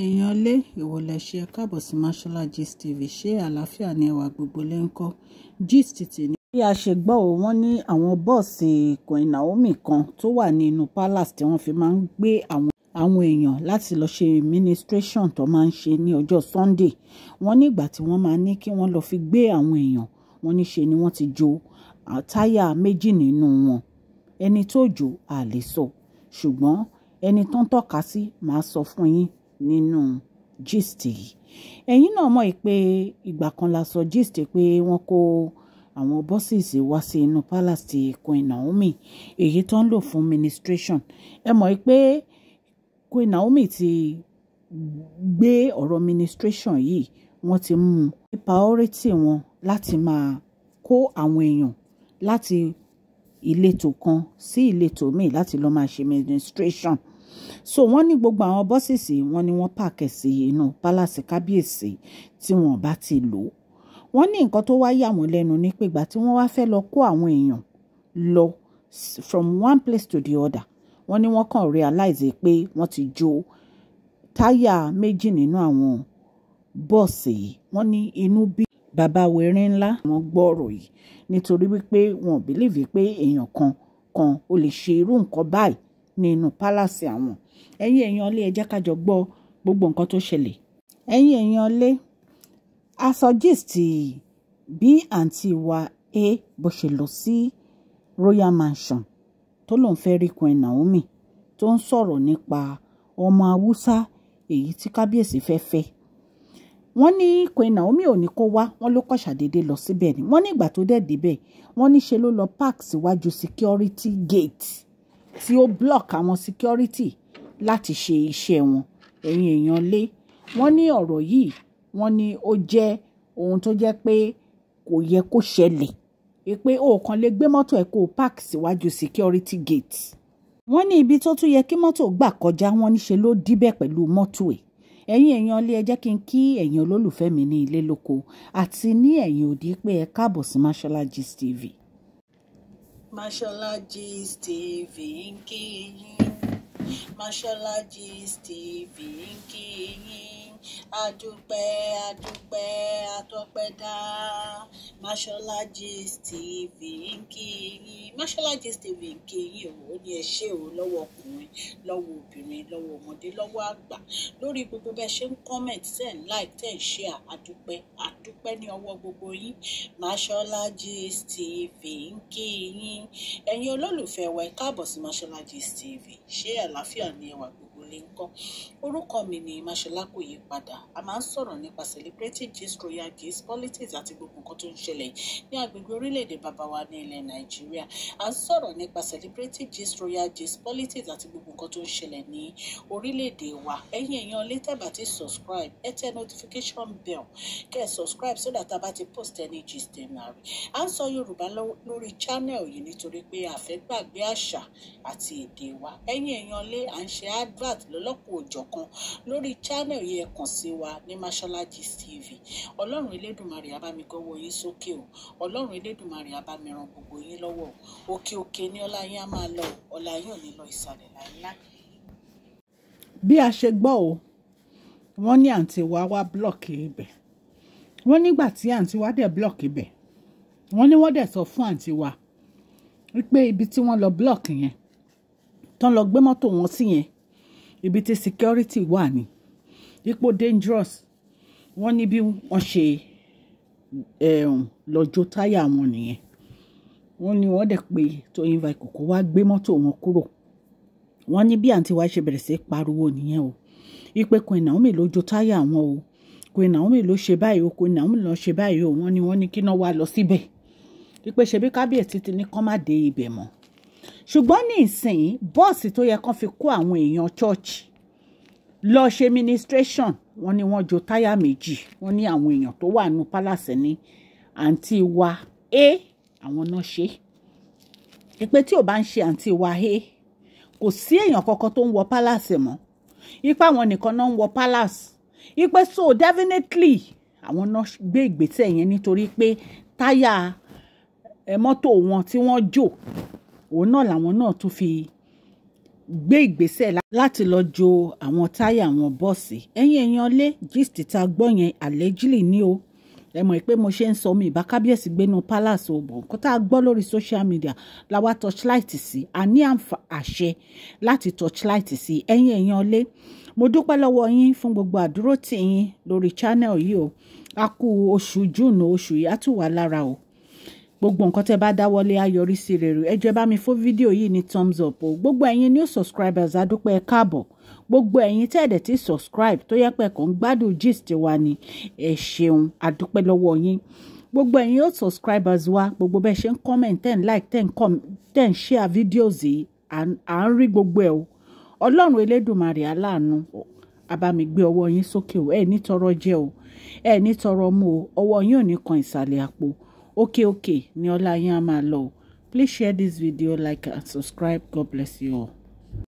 èèyàn lé ìwòlẹ̀ ṣe ẹ káàbọ̀ sí mashola gist tv ṣé àlàáfíà ni ẹwà gbogbo lè ń kọ́ gist tì ní. bí a ṣe gbọ́ ọ wọ́n ní àwọn bọ́ọ̀sì Queen Naomi kan tó wà ní inú palace tí wọ́n fi máa ń gbé àwọn èèyàn láti lọ ṣe administration tó máa ń ṣe ní ọjọ́ sunday wọ́n ní ìgbà tí wọ́n máa ní kí wọ́n lọ fi gbé àwọn èèyàn wọ́n ní ṣe ni wọ́n ti jo táyà méjì nínú wọn ẹni tó jò à lè sọ ṣùgbọ́n ẹni tó ń tọ́ka sí màá sọ fún yín nínú gist yìí ẹ̀yin náà mọ̀ pé ìgbà kan la sọ gist pé wọ́n kó àwọn bosses wá sí inú palace ti Queen Naomi èyí tó ń lò fún ministration ẹ mọ̀ pé Queen Naomi ti gbé ọ̀rọ̀ ministration yìí wọ́n ti mú un priority wọn láti máa kó àwọn èèyàn láti ìletò kan sí ìletò míì láti lọ́ọ́ máa ṣe ministration so wọ́n ní gbogbo àwọn bọ́sìsì wọ́n ní wọ́n pààkẹ́ sí inú pálásì kábíyèsí tí wọ́n bá ti lò wọ́n ní nǹkan tó wá yà wọ́n lẹ́nu ní pègbà tí wọ́n wá fẹ́ lọ kó àwọn èèyàn lọ from one place to the other wọ́n ní wọ́n kàn realize pé wọ́n ti jó táyà méjì nínú àwọn bọ́ọ̀sì yìí wọ́n ní inú bí bàbá wẹ̀rin ńlá wọ́n gbọ́ ọ̀rọ̀ yìí nítorí wípé wọn ò bílíìfì pé èèyàn kan kan ò lè ṣe irú nǹkan báyìí nínú pálásì àwọn ẹ̀yin èèyàn ilé ẹ jẹ́ ká jọ gbọ́ gbogbo nǹkan tó ṣẹlẹ̀ ẹ̀yin èèyàn ilé aṣọ bí àǹtí wa a bó ṣe lọ sí royal mansion tó lòun fẹ́ rí Queen Naomi tó ń sọ̀rọ̀ nípa ọmọ haúsá èyí tí kábíyèsí fẹ́ fẹ́ wọ́n ní Queen Naomi ò ní kó wá wọ́n ló kọ̀ ṣàdédé lọ síbẹ̀ ni wọ́n ní ìgbà tó dẹ̀ débẹ̀ wọ́n ní ṣe ló lọ park síwájú security gate tí ó block àwọn security láti ṣe iṣẹ́ wọn ẹ̀yin èèyàn lé wọ́n ní ọ̀rọ̀ yìí wọ́n ní ó jẹ́ ohun tó jẹ́ pé kò yẹ kó ṣẹlẹ̀ pé o kàn lè gbé mọ́tò ẹ̀ kó o park síwájú security gate wọ́n ní ibi tó tún yẹ kí mọ́tò gbà kọjá wọ́n níṣe ló díbẹ̀ pẹ̀lú mọ́tò ẹ̀ ẹ̀yin èèyàn ilé ẹ jẹ́ kí n kí ẹ̀yin olólùfẹ́ mi ní ilé lóko àti ní ẹ̀yin òdì pé ẹ káàbọ̀ sí Mashola Gist TV Mashallah Jeez, TV ń kí TV adúpẹ́ adúpẹ́ atọ́pẹ́dá Mashola Gist TV ń kí yín Mashola Gist TV ń kí yín o ní ẹ ṣé o lọ́wọ́ ọkùnrin lọ́wọ́ obìnrin lọ́wọ́ ọmọdé lọ́wọ́ àgbà lórí gbogbo bẹ́ẹ̀ ṣe ń comment ten like ten share adúpẹ́ adúpẹ́ ní ọwọ́ gbogbo yín Mashola Gist TV ń kí yín ẹ̀yin olólùfẹ́ wa ẹ káàbọ̀ sí Mashola Gist TV ṣé àlàáfíà ni ẹwà gbogbo tẹ̀lé ń kọ́ orúkọ mi ni Máṣọlá kò yí padà a máa ń sọ̀rọ̀ nípa celebrity gist royal gist politics àti gbogbo nǹkan tó ń ṣẹlẹ̀ ní agbègbè orílẹ̀-èdè bàbá wa ní ilẹ̀ Nàìjíríà a ń sọ̀rọ̀ nípa celebrity gist royal gist politics àti gbogbo nǹkan tó ń ṣẹlẹ̀ ní orílẹ̀-èdè wa ẹ̀yin èèyàn lè tẹ́ bá ti subscribe ẹ tẹ notification bell kẹ́ ẹ subscribe so that a bá ti post any gist ẹ̀ máa rí à ń sọ Yorùbá lórí channel yìí nítorí pé a àṣà àti èdè wa ẹ̀yin èèyàn lé à ń ṣe advert lọ́lọ́kùn òjọ̀kan lórí channel yẹn kàn sí wa ní Mashola Gist TV ọlọ́run elédùnmarè abamigọ́wọ́ yín sókè o ọlọ́run elédùnmarè abamiran gbogbo yín lọ́wọ́ òkè òkè ni ọlá yín á máa lọ ọlá yín ò ní lọ ìsàlẹ̀ láíláí. bí a ṣe gbọ́ o wọ́n ní àǹtí wa wá blọ́ọ̀kì ibẹ̀ wọ́n nígbà tí àǹtí wa dẹ̀ blọ́ọ̀kì ibẹ̀ wọ́n ní wọ́n dẹ̀ sọ fún àǹtí wa wípé ibi tí wọ́n lọ blọ́ọ̀kì yẹn tán lọ gbé mọ́tò wọn sí yẹn ibi tí security wà ní ipò dangerous wọ́n ní bí wọ́n ṣe ehm, lọ́jọ́ táyà wọn nìyẹn wọ́n ní wọ́n dẹ̀ pé Tóyìn Vaiko kó wá gbé mọ́tò wọn kúrò wọ́n ní bí àǹtí wa ṣe bẹ̀rẹ̀ sí pariwo nìyẹn o ipe Queen Naomi ló jó táyà wọn o Queen Naomi ló ṣe báyìí o Queen Naomi ló ṣe báyìí o wọ́n ní wọ́n ní kí náà wá lọ síbẹ̀ ipe ṣebí kábíyèsí ti ní kán má dé ibẹ̀ mọ́ ṣùgbọ́n ní ìsìn bọ́ọ̀sì tó yẹ kán fi kó àwọn èèyàn chọ́ọ̀chì lọ ṣe ministration wọ́n ní wọ́n jo táyà méjì wọ́n ní àwọn èèyàn tó wà nù palace ní àǹtí wa a àwọn náà ṣe é pé tí ò bá ń ṣe àǹtí wa a kò sí èèyàn kankan tó ń wọ palace mọ́ ipa àwọn nìkan náà ń wọ palace ipe so definitely àwọn náà gbé ìgbésẹ̀ yẹn nítorí pé táyà eh, mọ́tò wọn tí wọ́n jò òun náà làwọn náà tún fi gbé ìgbésẹ̀ láti lọ jo àwọn táyà àwọn bọ́ọ̀sì ẹ̀yìn ẹ̀yàn lé gist ta gbọ́ yẹn allegedly ni o ẹ mọ̀ pé mo ṣe ń sọ mi ìbá kábíyèsí gbénu palace òbò nǹkan tá a gbọ́ lórí social media la wá torchlight sí a ní àṣẹ láti torchlight sí ẹ̀yìn ẹ̀yàn lé mo dúpẹ́ lọ́wọ́ yín fún gbogbo àdúró tì yín lórí channel yìí o a kú oṣù june oṣù yìí á tù wá lára o gbogbo nǹkan tẹ́ bá dáwọ́lé á yọrí sí rere ẹ jẹ́ bá mi fún fídíò yìí ní thumbs up o gbogbo ẹ̀yin new subscribers adúpẹ́ káàbọ̀ gbogbo ẹ̀yin tẹ́ ẹ̀dẹ̀ ti subscribe tó yẹ pé kàn ń gbádùn gist wa ni ẹ ṣeun adúpẹ́ lọ́wọ́ yín gbogbo ẹ̀yin old subscribers wa gbogbo bẹ́ẹ̀ ṣe ń comment ten like ten com ten share videos yìí à ń rí gbogbo ẹ̀ o ọlọ́run elédùnmarè aláàánú abámigbé ọwọ́ yín sókè o ẹ̀ ní tọrọ jẹ o ẹ̀ ní tọrọ mú o ọwọ́ yín ò ní kan ìsàlẹ̀ àpò okay okay ni ọlá yín á máa lọ please share this video like and subscribe god bless you all.